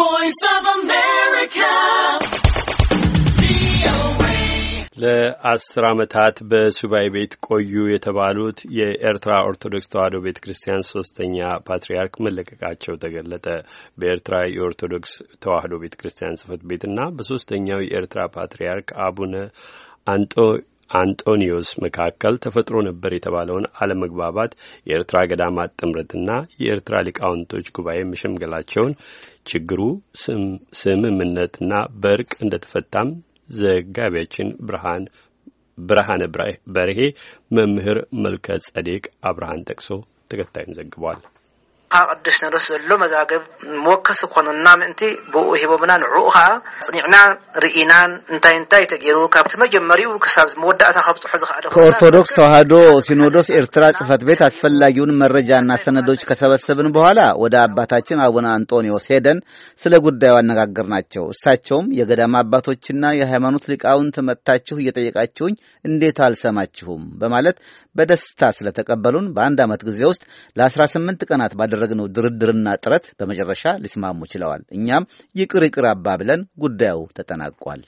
voice of America. ለአስር ዓመታት በሱባኤ ቤት ቆዩ የተባሉት የኤርትራ ኦርቶዶክስ ተዋሕዶ ቤተ ክርስቲያን ሶስተኛ ፓትርያርክ መለቀቃቸው ተገለጠ። በኤርትራ የኦርቶዶክስ ተዋሕዶ ቤተ ክርስቲያን ጽሕፈት ቤትና በሶስተኛው የኤርትራ ፓትርያርክ አቡነ አንጦ አንጦኒዮስ መካከል ተፈጥሮ ነበር የተባለውን አለመግባባት የኤርትራ ገዳማት ጥምረትና የኤርትራ ሊቃውንቶች ጉባኤ መሸምገላቸውን ችግሩ ስምምነትና በእርቅ እንደተፈታም ዘጋቢያችን ብርሃን ብርሃነ በርሄ መምህር መልከ ጸዴቅ አብርሃን ጠቅሶ ተከታዩን ዘግቧል። ኣብ ቅዱስ ንርስ ዘሎ መዛግብ መወከስ ኮነና ምእንቲ ብኡ ሂቦምና ንዕኡ ከዓ ፅኒዕና ርኢናን እንታይ እንታይ ተገይሩ ካብቲ መጀመሪኡ ክሳብ መወዳእታ ከብፅሖ ዝክኣለ ከኦርቶዶክስ ተዋህዶ ሲኖዶስ ኤርትራ ጽሕፈት ቤት አስፈላጊውን መረጃና ሰነዶች ከሰበሰብን በኋላ ወደ ኣባታችን ኣቡነ አንጦኒዎስ ሄደን ስለ ጉዳዩ ናቸው። እሳቸውም የገዳማ አባቶችና የሃይማኖት ሊቃውንት መጥታችሁ እየጠየቃችሁኝ እንዴት አልሰማችሁም በማለት በደስታ ስለተቀበሉን በአንድ ዓመት ጊዜ ውስጥ ለ18 ቀናት ባደረ ባደረግነው ድርድርና ጥረት በመጨረሻ ሊስማሙ ችለዋል። እኛም ይቅር ይቅር አባ ብለን ጉዳዩ ተጠናቋል።